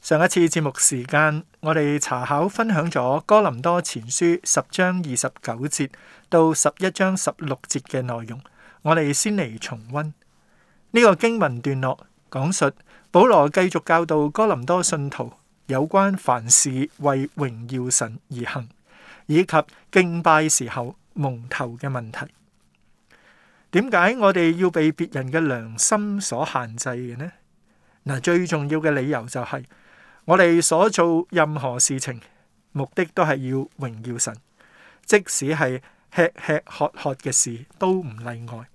上一次節目時間，我哋查考分享咗哥林多前書十章二十九節到十一章十六節嘅內容。我哋先嚟重溫呢個經文段落，講述保羅繼續教導哥林多信徒有關凡事為榮耀神而行，以及敬拜時候蒙頭嘅問題。點解我哋要被別人嘅良心所限制嘅呢？嗱，最重要嘅理由就係。我哋所做任何事情，目的都係要榮耀神，即使係吃吃喝喝嘅事都唔例外。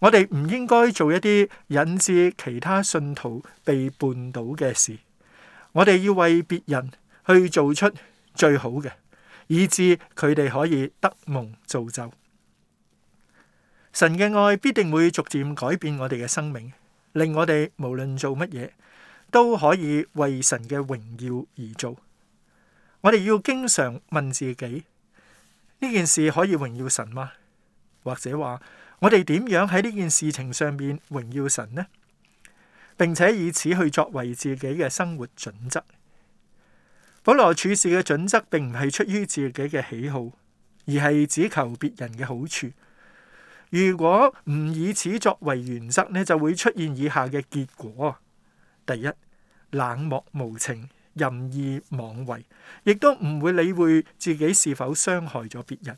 我哋唔應該做一啲引致其他信徒被絆倒嘅事。我哋要為別人去做出最好嘅，以致佢哋可以得蒙造就。神嘅愛必定會逐漸改變我哋嘅生命，令我哋無論做乜嘢。都可以為神嘅榮耀而做。我哋要經常問自己：呢件事可以榮耀神嗎？或者話我哋點樣喺呢件事情上面榮耀神呢？並且以此去作為自己嘅生活準則。保羅處事嘅準則並唔係出於自己嘅喜好，而係只求別人嘅好處。如果唔以此作為原則呢，就會出現以下嘅結果。第一，冷漠無情、任意妄為，亦都唔會理會自己是否傷害咗別人。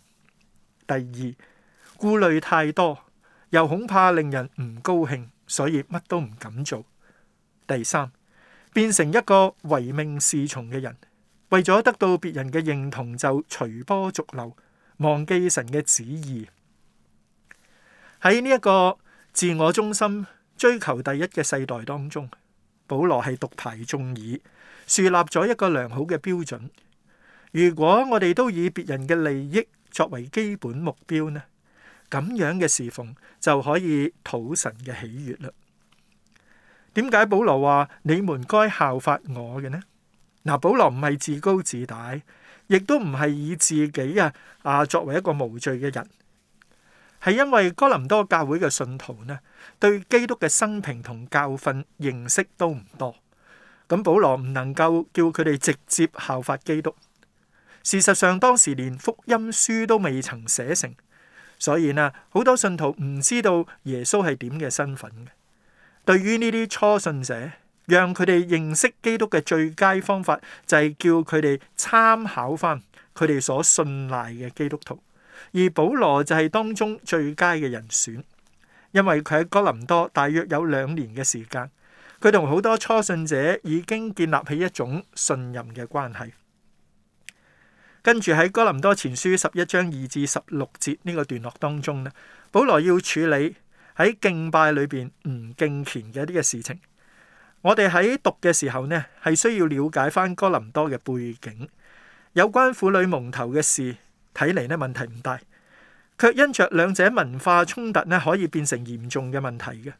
第二，顧慮太多，又恐怕令人唔高興，所以乜都唔敢做。第三，變成一個唯命是從嘅人，為咗得到別人嘅認同就隨波逐流，忘記神嘅旨意。喺呢一個自我中心、追求第一嘅世代當中，保羅係獨排眾議，樹立咗一個良好嘅標準。如果我哋都以別人嘅利益作為基本目標呢，咁樣嘅侍奉就可以討神嘅喜悅嘞。點解保羅話你們該效法我嘅呢？嗱，保羅唔係自高自大，亦都唔係以自己啊啊作為一個無罪嘅人。係因為哥林多教會嘅信徒呢，對基督嘅生平同教訓認識都唔多，咁保羅唔能夠叫佢哋直接效法基督。事實上當時連福音書都未曾寫成，所以呢好多信徒唔知道耶穌係點嘅身份嘅。對於呢啲初信者，讓佢哋認識基督嘅最佳方法就係、是、叫佢哋參考返佢哋所信賴嘅基督徒。而保羅就係當中最佳嘅人選，因為佢喺哥林多大約有兩年嘅時間，佢同好多初信者已經建立起一種信任嘅關係。跟住喺哥林多前書十一章二至十六節呢個段落當中呢，保羅要處理喺敬拜裏邊唔敬虔嘅一啲嘅事情。我哋喺讀嘅時候呢，係需要了解翻哥林多嘅背景，有關婦女蒙頭嘅事。睇嚟呢，問題唔大，卻因着兩者文化衝突呢，可以變成嚴重嘅問題嘅。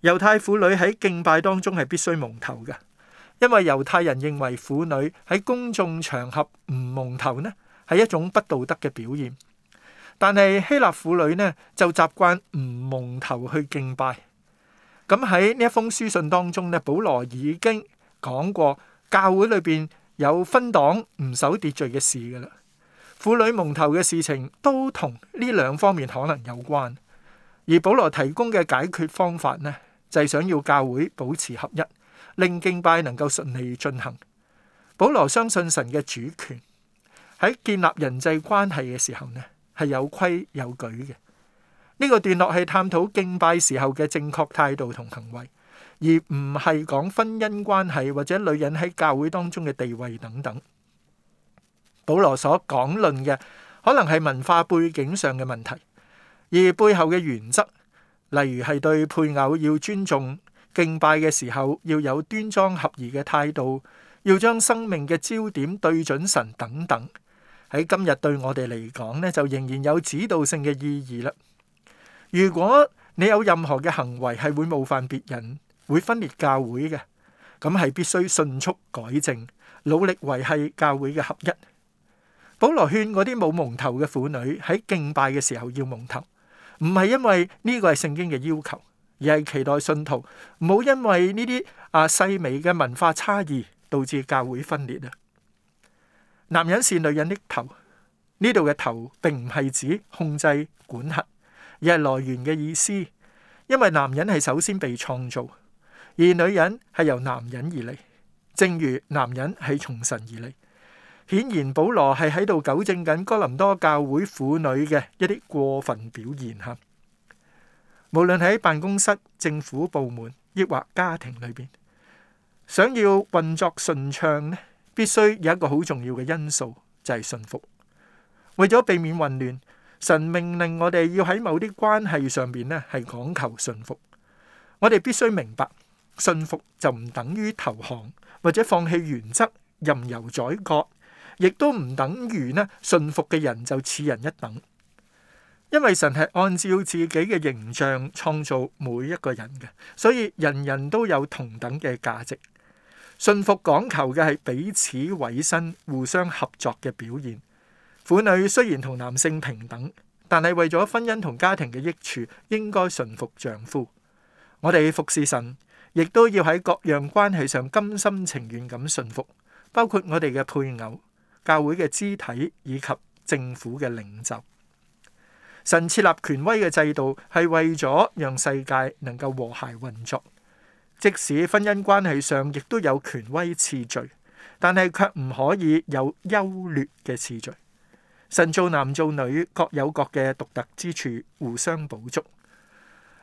猶太婦女喺敬拜當中係必須蒙頭嘅，因為猶太人認為婦女喺公眾場合唔蒙頭呢係一種不道德嘅表現。但係希臘婦女呢就習慣唔蒙頭去敬拜。咁喺呢一封書信當中呢，保羅已經講過教會裏邊有分黨唔守秩序嘅事噶啦。婦女蒙頭嘅事情都同呢兩方面可能有關，而保羅提供嘅解決方法呢，就係、是、想要教會保持合一，令敬拜能夠順利進行。保羅相信神嘅主權喺建立人際關係嘅時候呢，係有規有矩嘅。呢、這個段落係探討敬拜時候嘅正確態度同行為，而唔係講婚姻關係或者女人喺教會當中嘅地位等等。保羅所講論嘅，可能係文化背景上嘅問題，而背後嘅原則，例如係對配偶要尊重、敬拜嘅時候要有端莊合宜嘅態度，要將生命嘅焦點對準神等等，喺今日對我哋嚟講呢，就仍然有指導性嘅意義啦。如果你有任何嘅行為係會冒犯別人，會分裂教會嘅，咁係必須迅速改正，努力維繫教會嘅合一。保羅勸嗰啲冇蒙頭嘅婦女喺敬拜嘅時候要蒙頭，唔係因為呢個係聖經嘅要求，而係期待信徒，唔好因為呢啲啊細微嘅文化差異導致教會分裂啊！男人是女人的頭，呢度嘅頭並唔係指控制管轄，而係來源嘅意思。因為男人係首先被創造，而女人係由男人而嚟，正如男人係從神而嚟。顯然，保羅係喺度糾正緊哥林多教會婦女嘅一啲過分表現嚇。無論喺辦公室、政府部門，抑或家庭裏邊，想要運作順暢，必須有一個好重要嘅因素就係、是、信服。為咗避免混亂，神命令我哋要喺某啲關係上邊咧係講求信服。我哋必須明白，信服就唔等於投降或者放棄原則，任由宰割。亦都唔等於呢，順服嘅人就似人一等，因為神係按照自己嘅形象創造每一個人嘅，所以人人都有同等嘅價值。順服講求嘅係彼此委身、互相合作嘅表現。婦女雖然同男性平等，但係為咗婚姻同家庭嘅益處，應該順服丈夫。我哋服侍神，亦都要喺各樣關係上甘心情願咁順服，包括我哋嘅配偶。教會嘅肢體以及政府嘅領袖，神設立權威嘅制度係為咗讓世界能夠和諧運作。即使婚姻關係上亦都有權威次序，但係卻唔可以有優劣嘅次序。神造男造女各有各嘅獨特之處，互相補足。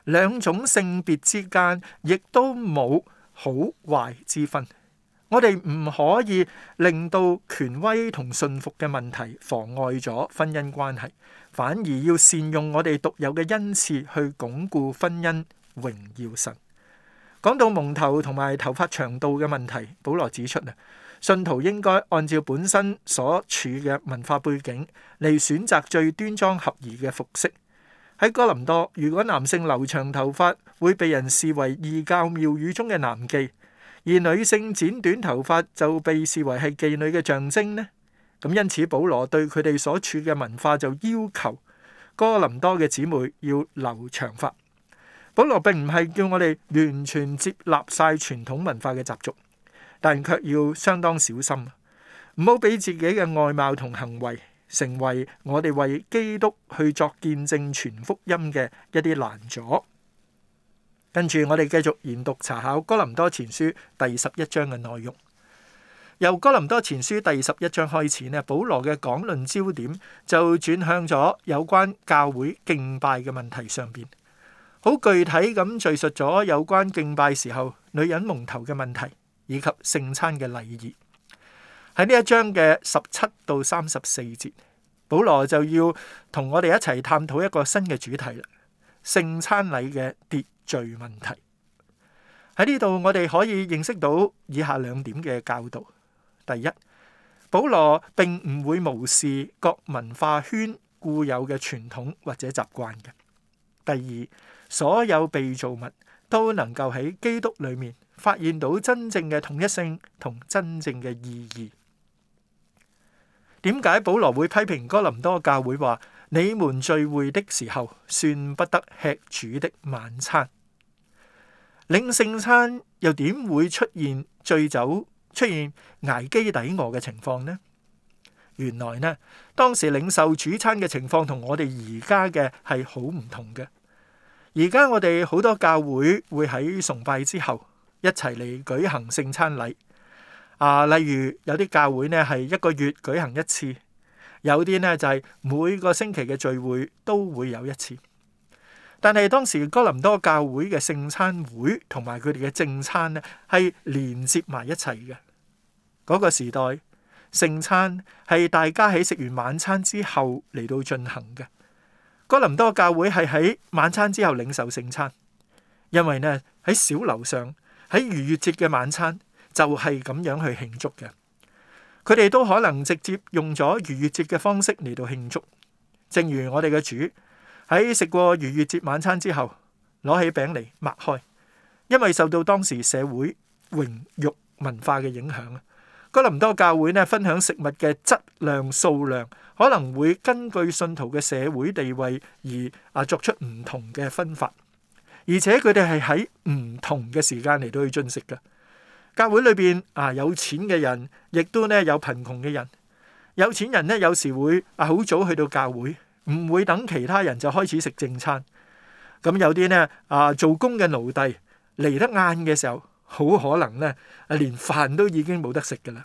兩種性別之間亦都冇好壞之分。我哋唔可以令到權威同信服嘅問題妨礙咗婚姻關係，反而要善用我哋獨有嘅恩賜去鞏固婚姻榮耀神。講到蒙頭同埋頭髮長度嘅問題，保羅指出啊，信徒應該按照本身所處嘅文化背景嚟選擇最端莊合宜嘅服飾。喺哥林多，如果男性留長頭髮，會被人視為異教廟宇中嘅男妓。而女性剪短頭髮就被視為係妓女嘅象徵呢，咁因此保羅對佢哋所處嘅文化就要求哥林多嘅姊妹要留長髮。保羅並唔係叫我哋完全接納晒傳統文化嘅習俗，但係卻要相當小心，唔好俾自己嘅外貌同行為成為我哋為基督去作見證全福音嘅一啲攔阻。跟住我哋繼續研讀查考哥林多前書第十一章嘅內容。由哥林多前書第十一章開始呢，保羅嘅講論焦點就轉向咗有關教會敬拜嘅問題上邊，好具體咁敘述咗有關敬拜時候女人蒙頭嘅問題，以及聖餐嘅禮儀。喺呢一章嘅十七到三十四節，保羅就要同我哋一齊探討一個新嘅主題啦——聖餐禮嘅跌罪問題喺呢度，我哋可以認識到以下兩點嘅教導：第一，保羅並唔會無視各文化圈固有嘅傳統或者習慣嘅；第二，所有被造物都能夠喺基督裏面發現到真正嘅統一性同真正嘅意義。點解保羅會批評哥林多教會話：你們聚會的時候，算不得吃主的晚餐？領聖餐又點會出現醉酒、出現挨飢抵餓嘅情況呢？原來呢，當時領受主餐嘅情況同我哋而家嘅係好唔同嘅。而家我哋好多教會會喺崇拜之後一齊嚟舉行聖餐禮。啊，例如有啲教會呢係一個月舉行一次，有啲呢就係每個星期嘅聚會都會有一次。但係當時哥林多教會嘅聖餐會同埋佢哋嘅正餐咧，係連接埋一齊嘅。嗰個時代，聖餐係大家喺食完晚餐之後嚟到進行嘅。哥林多教會係喺晚餐之後領受聖餐，因為呢，喺小樓上喺逾越節嘅晚餐就係咁樣去慶祝嘅。佢哋都可能直接用咗逾越節嘅方式嚟到慶祝，正如我哋嘅主。喺食過逾越節晚餐之後，攞起餅嚟擘開，因為受到當時社會榮辱文化嘅影響啊！哥林多教會咧，分享食物嘅質量數量，可能會根據信徒嘅社會地位而啊作出唔同嘅分法，而且佢哋係喺唔同嘅時間嚟到去進食嘅。教會裏邊啊，有錢嘅人亦都咧，有貧窮嘅人，有錢人咧有時會啊好早去到教會。唔會等其他人就開始食正餐，咁有啲呢啊，做工嘅奴隸嚟得晏嘅時候，好可能呢啊，連飯都已經冇得食㗎喇。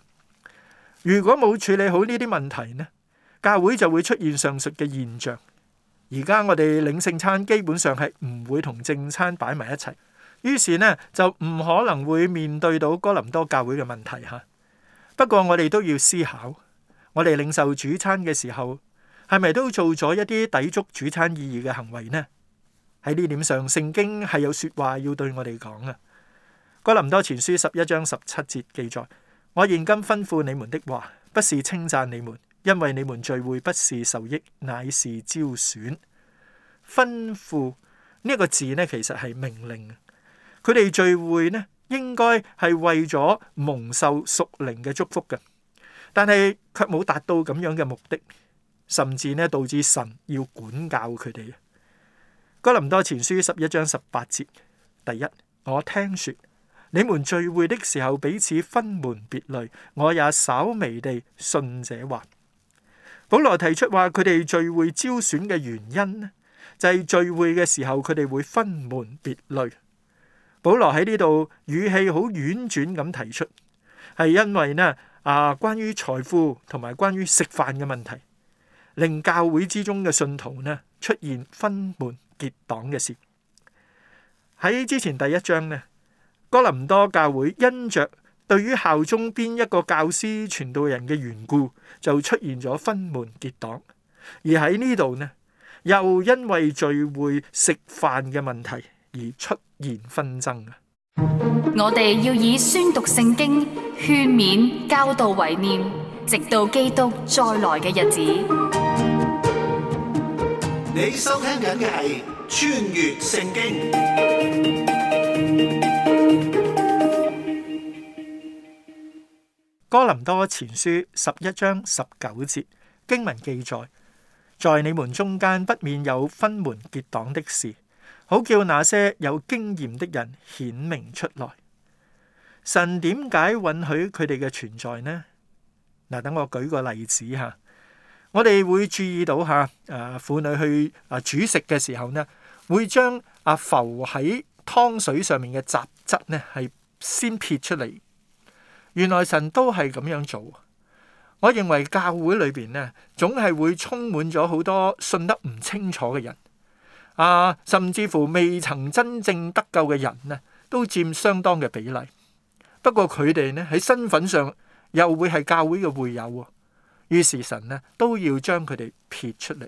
如果冇處理好呢啲問題呢，教會就會出現上述嘅現象。而家我哋領聖餐基本上係唔會同正餐擺埋一齊，於是呢就唔可能會面對到哥林多教會嘅問題吓。不過我哋都要思考，我哋領受主餐嘅時候。係咪都做咗一啲抵觸主餐意義嘅行為呢？喺呢點上，聖經係有說話要對我哋講嘅。哥林多前書十一章十七節記載：我現今吩咐你們的話，不是稱讚你們，因為你們聚會不是受益，乃是招損。吩咐呢一、呢個字呢，其實係命令。佢哋聚會呢，應該係為咗蒙受屬靈嘅祝福嘅，但係卻冇達到咁樣嘅目的。甚至咧，導致神要管教佢哋。哥林多前書十一章十八節，第一，我聽說你們聚會的時候彼此分門別類，我也稍微地信這話。保羅提出話佢哋聚會招損嘅原因咧，就係聚會嘅時候佢哋會分門別類。保羅喺呢度語氣好婉轉咁提出，係因為咧啊，關於財富同埋關於食飯嘅問題。令教會之中嘅信徒呢，出現分門結黨嘅事。喺之前第一章呢，哥林多教會因着對於效忠邊一個教師傳道人嘅緣故，就出現咗分門結黨；而喺呢度呢，又因為聚會食飯嘅問題而出現紛爭啊。我哋要以宣讀聖經、勸勉、教導、為念，直到基督再來嘅日子。你收聽緊嘅係《穿越聖經》哥林多前書十一章十九節，經文記載，在你們中間不免有分門結黨的事，好叫那些有經驗的人顯明出來。神點解允許佢哋嘅存在呢？嗱，等我舉個例子吓。我哋會注意到吓，誒、啊、婦女去啊煮食嘅時候呢，會將啊浮喺湯水上面嘅雜質呢係先撇出嚟。原來神都係咁樣做。我認為教會裏邊呢，總係會充滿咗好多信得唔清楚嘅人，啊，甚至乎未曾真正得救嘅人呢，都佔相當嘅比例。不過佢哋呢，喺身份上又會係教會嘅會友喎。於是神咧都要將佢哋撇出嚟。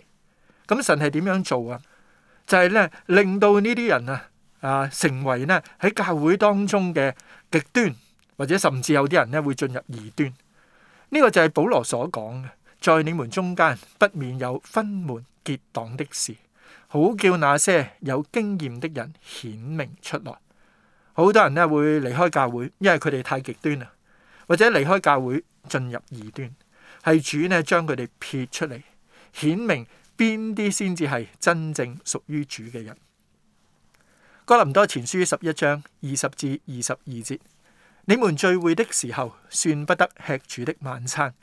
咁、嗯、神係點樣做啊？就係、是、咧令到呢啲人啊啊成為咧喺教會當中嘅極端，或者甚至有啲人咧會進入異端。呢、這個就係保羅所講嘅，在你們中間不免有分門結黨的事，好叫那些有經驗的人顯明出來。好多人咧會離開教會，因為佢哋太極端啊，或者離開教會進入異端。係主呢，將佢哋撇出嚟，顯明邊啲先至係真正屬於主嘅人。哥林多前書十一章二十至二十二節，你們聚會的時候，算不得吃主的晚餐，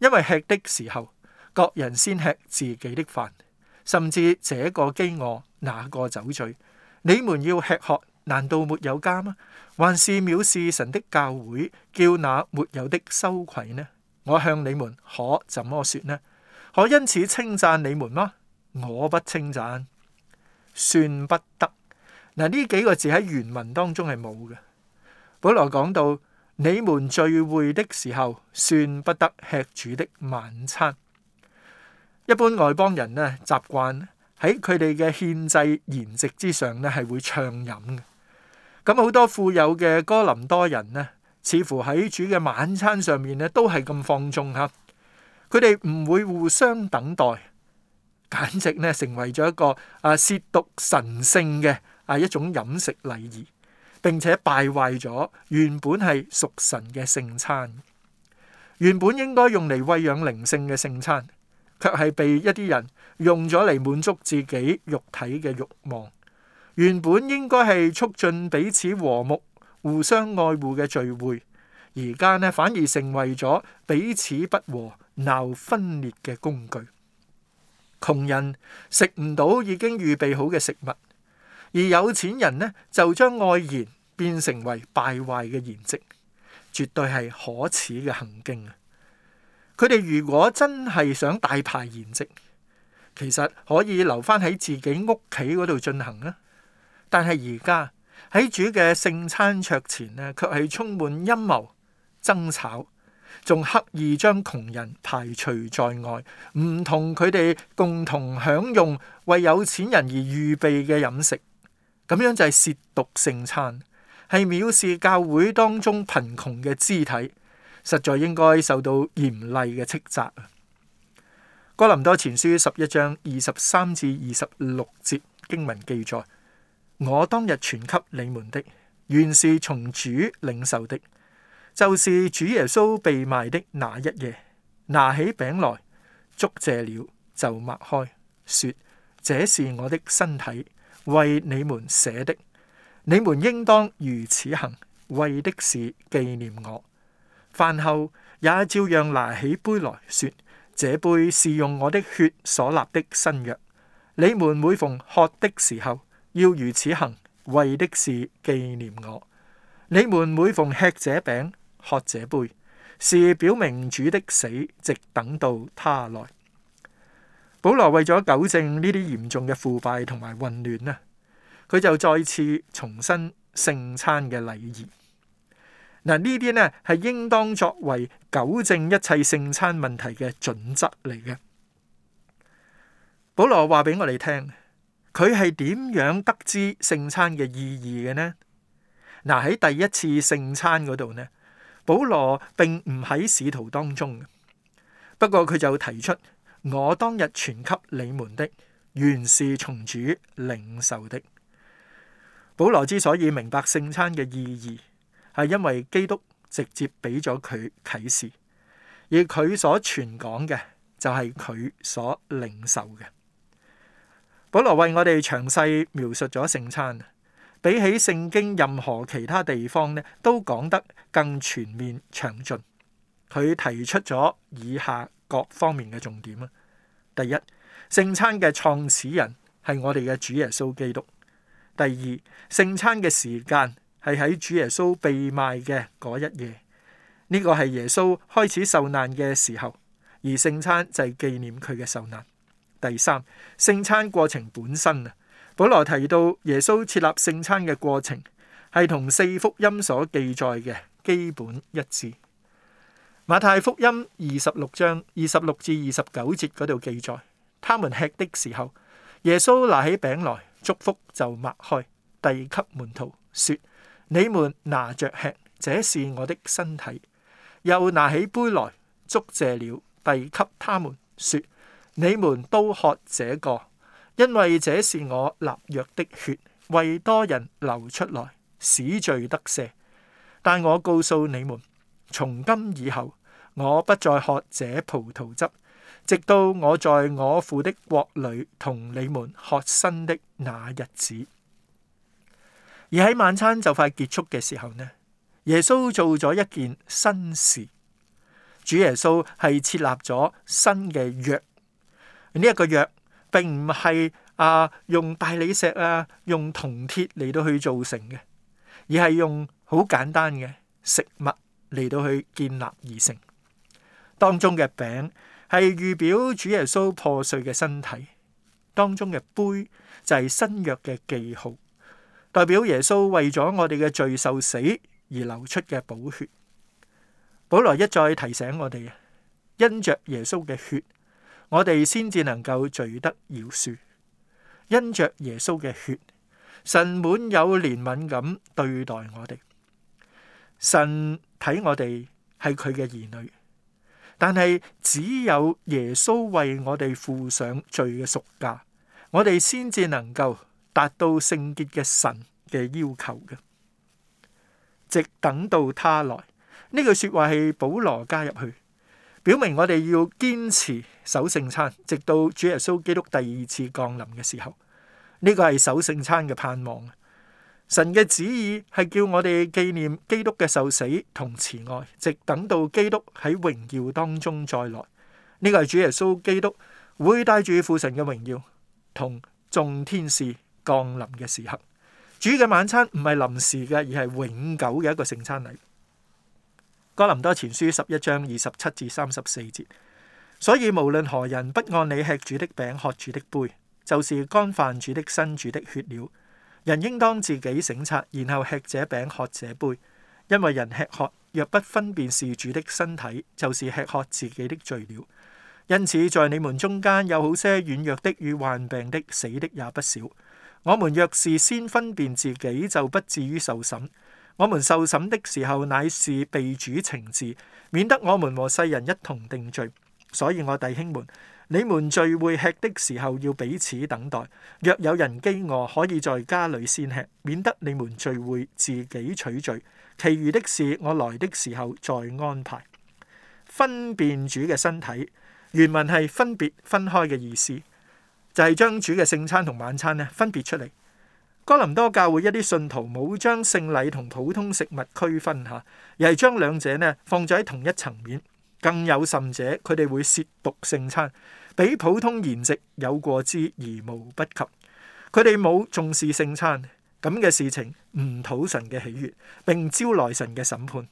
因為吃的時候，各人先吃自己的飯，甚至這個饑餓，那個酒醉。你們要吃喝，難道沒有家嗎？還是藐視神的教會，叫那沒有的羞愧呢？我向你們可怎麼說呢？可因此稱讚你們嗎？我不稱讚，算不得。嗱，呢幾個字喺原文當中係冇嘅。保羅講到，你們聚會的時候，算不得吃主的晚餐。一般外邦人呢，習慣喺佢哋嘅獻祭筵席之上呢，係會暢飲嘅。咁好多富有嘅哥林多人呢，似乎喺主嘅晚餐上面呢，都係咁放縱吓，佢哋唔會互相等待，簡直呢成為咗一個啊，褻瀆神聖嘅，啊一種飲食禮儀，並且敗壞咗原本係屬神嘅聖餐。原本應該用嚟餵養靈性嘅聖餐，卻係被一啲人用咗嚟滿足自己肉體嘅慾望。原本應該係促進彼此和睦。互相愛護嘅聚會，而家呢反而成為咗彼此不和鬧分裂嘅工具。窮人食唔到已經預備好嘅食物，而有錢人呢就將愛宴變成為敗壞嘅筵席，絕對係可恥嘅行徑啊！佢哋如果真係想大排筵席，其實可以留返喺自己屋企嗰度進行啊。但係而家。喺主嘅聖餐桌前呢，卻係充滿陰謀、爭吵，仲刻意將窮人排除在外，唔同佢哋共同享用為有錢人而預備嘅飲食，咁樣就係褻瀆聖餐，係藐視教會當中貧窮嘅肢體，實在應該受到嚴厲嘅斥責啊！哥林多前書十一章二十三至二十六節經文記載。我當日傳給你們的，原是從主領受的，就是主耶穌被賣的那一夜，拿起餅來，祝謝了就擘開，說：這是我的身體，為你們捨的，你們應當如此行，為的是紀念我。飯後也照樣拿起杯來說：這杯是用我的血所立的新約，你們每逢喝的時候，要如此行，為的是紀念我。你們每逢吃這餅、喝這杯，是表明主的死，直等到他來。保羅為咗糾正呢啲嚴重嘅腐敗同埋混亂呢，佢就再次重申聖餐嘅禮儀。嗱，呢啲呢係應當作為糾正一切聖餐問題嘅準則嚟嘅。保羅話俾我哋聽。佢係點樣得知聖餐嘅意義嘅呢？嗱，喺第一次聖餐嗰度呢，保羅並唔喺使徒當中，不過佢就提出：「我當日傳給你們的，原是從主領受的。」保羅之所以明白聖餐嘅意義，係因為基督直接俾咗佢啟示，而佢所傳講嘅就係佢所領受嘅。保羅為我哋詳細描述咗聖餐，比起聖經任何其他地方咧，都講得更全面詳、詳盡。佢提出咗以下各方面嘅重點啊：第一，聖餐嘅創始人係我哋嘅主耶穌基督；第二，聖餐嘅時間係喺主耶穌被賣嘅嗰一夜，呢、呢個係耶穌開始受難嘅時候，而聖餐就係紀念佢嘅受難。第三，聖餐過程本身啊，本來提到耶穌設立聖餐嘅過程，係同四福音所記載嘅基本一致。馬太福音二十六章二十六至二十九節嗰度記載，他們吃的時候，耶穌拿起餅來，祝福就擘開，遞給門徒，說：你們拿着吃，這是我的身體。又拿起杯來，祝謝了，遞給他們，說：你們都喝這個，因為這是我立約的血，為多人流出來，使罪得赦。但我告訴你們，從今以後，我不再喝這葡萄汁，直到我在我父的國裏同你們喝新的那日子。而喺晚餐就快結束嘅時候呢，耶穌做咗一件新事，主耶穌係設立咗新嘅約。呢一個約並唔係啊用大理石啊用銅鐵嚟到去造成嘅，而係用好簡單嘅食物嚟到去建立而成。當中嘅餅係預表主耶穌破碎嘅身體，當中嘅杯就係新約嘅記號，代表耶穌為咗我哋嘅罪受死而流出嘅寶血。保羅一再提醒我哋，因着耶穌嘅血。我哋先至能夠罪得饒恕，因着耶穌嘅血，神滿有憐憫咁對待我哋。神睇我哋係佢嘅兒女，但係只有耶穌為我哋付上罪嘅贖價，我哋先至能夠達到聖潔嘅神嘅要求嘅。直等到他來，呢句說話係保羅加入去，表明我哋要堅持。守聖餐，直到主耶穌基督第二次降臨嘅時候，呢個係守聖餐嘅盼望。神嘅旨意係叫我哋紀念基督嘅受死同慈愛，直等到基督喺榮耀當中再來。呢個係主耶穌基督會帶住父神嘅榮耀同眾天使降臨嘅時刻。主嘅晚餐唔係臨時嘅，而係永久嘅一個聖餐禮。哥林多前書十一章二十七至三十四節。所以，無論何人不按理吃主的餅、喝主的杯，就是干犯主的身、主的血了。人應當自己省察，然後吃這餅、喝這杯，因為人吃喝若不分辨是主的身體，就是吃喝自己的罪了。因此，在你們中間有好些軟弱的與患病的、死的也不少。我們若是先分辨自己，就不至於受審。我們受審的時候，乃是被主懲治，免得我們和世人一同定罪。所以我弟兄們，你們聚會吃的時候要彼此等待。若有人饑餓，可以在家裏先吃，免得你們聚會自己取罪。其餘的事，我來的時候再安排。分辨主嘅身體，原文係分別分開嘅意思，就係將主嘅聖餐同晚餐呢分別出嚟。哥林多教會一啲信徒冇將聖禮同普通食物區分下，而係將兩者呢放咗喺同一層面。更有甚者，佢哋會褻瀆聖餐，比普通筵席有過之而無不及。佢哋冇重視聖餐咁嘅事情，唔討神嘅喜悅，並招來神嘅審判。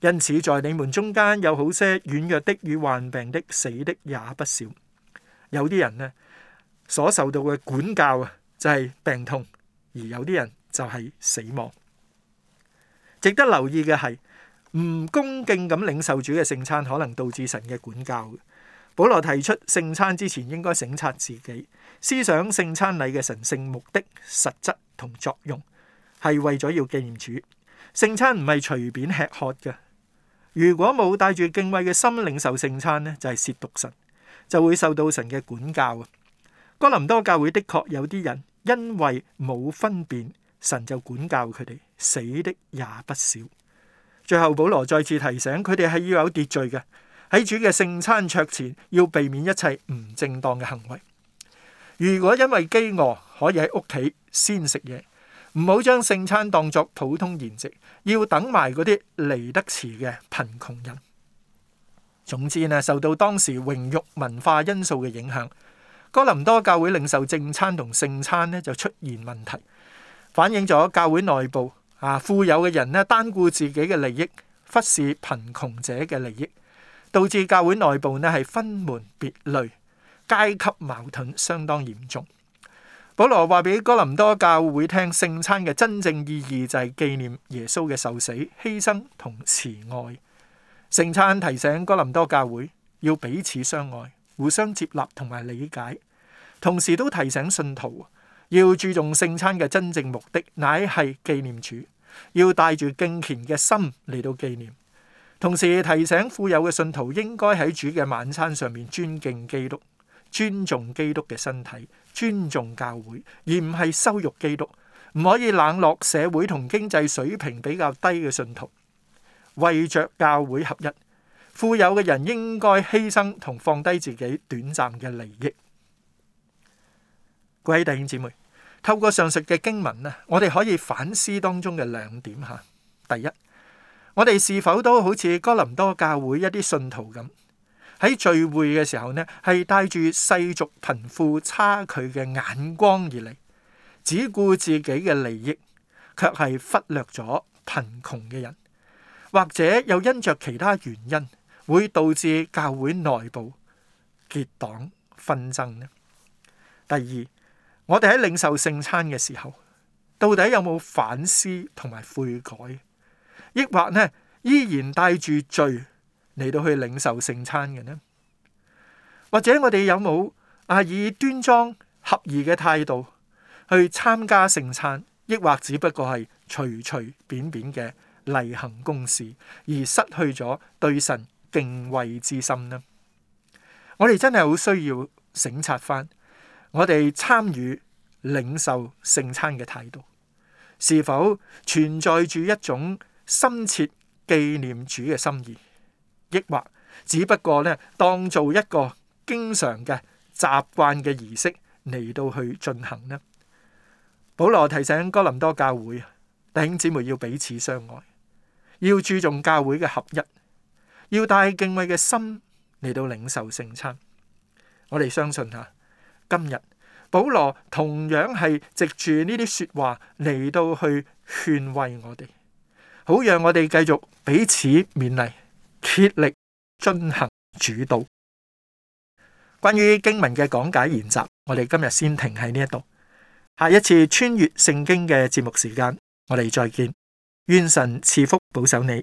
因此，在你們中間有好些軟弱的與患病的、死的也不少。有啲人呢，所受到嘅管教啊，就係病痛；而有啲人就係死亡。值得留意嘅係。唔恭敬咁領受主嘅聖餐，可能導致神嘅管教。保羅提出聖餐之前應該省察自己，思想聖餐禮嘅神聖目的、實質同作用，係為咗要紀念主。聖餐唔係隨便吃喝嘅。如果冇帶住敬畏嘅心領受聖餐呢，就係褻瀆神，就會受到神嘅管教啊！哥林多教會的確有啲人，因為冇分辨，神就管教佢哋，死的也不少。最後，保羅再次提醒佢哋係要有秩序嘅喺主嘅聖餐桌前，要避免一切唔正當嘅行為。如果因為飢餓可以喺屋企先食嘢，唔好將聖餐當作普通筵席，要等埋嗰啲嚟得遲嘅貧窮人。總之呢，受到當時榮辱文化因素嘅影響，哥林多教會領受正餐同聖餐呢就出現問題，反映咗教會內部。啊！富有嘅人呢，單顧自己嘅利益，忽視貧窮者嘅利益，導致教會內部呢係分門別類，階級矛盾相當嚴重。保羅話俾哥林多教會聽，聖餐嘅真正意義就係紀念耶穌嘅受死、犧牲同慈愛。聖餐提醒哥林多教會要彼此相愛，互相接納同埋理解，同時都提醒信徒要注重聖餐嘅真正目的，乃係紀念主。要帶住敬虔嘅心嚟到紀念，同時提醒富有嘅信徒應該喺主嘅晚餐上面尊敬基督、尊重基督嘅身體、尊重教會，而唔係羞辱基督，唔可以冷落社會同經濟水平比較低嘅信徒。為着教會合一，富有嘅人應該犧牲同放低自己短暫嘅利益。各位弟兄姊妹。透過上述嘅經文呢，我哋可以反思當中嘅兩點嚇。第一，我哋是否都好似哥林多教會一啲信徒咁，喺聚會嘅時候呢，係帶住世俗貧富差距嘅眼光而嚟，只顧自己嘅利益，卻係忽略咗貧窮嘅人，或者又因着其他原因，會導致教會內部結黨紛爭呢？第二。我哋喺領受聖餐嘅時候，到底有冇反思同埋悔改，抑或呢依然帶住罪嚟到去領受聖餐嘅呢？或者我哋有冇啊以端莊合宜嘅態度去參加聖餐，抑或只不過係隨隨便便嘅例行公事，而失去咗對神敬畏之心呢？我哋真係好需要省察翻。我哋參與領受聖餐嘅態度，是否存在住一種深切紀念主嘅心意，抑或只不過呢當做一個經常嘅習慣嘅儀式嚟到去進行呢？保羅提醒哥林多教會啊，弟兄姊妹要彼此相愛，要注重教會嘅合一，要帶敬畏嘅心嚟到領受聖餐。我哋相信吓、啊。今日，保羅同樣係藉住呢啲說話嚟到去勸慰我哋，好讓我哋繼續彼此勉勵，竭力進行主道。關於經文嘅講解研習，我哋今日先停喺呢一度，下一次穿越聖經嘅節目時間，我哋再見，願神賜福保守你。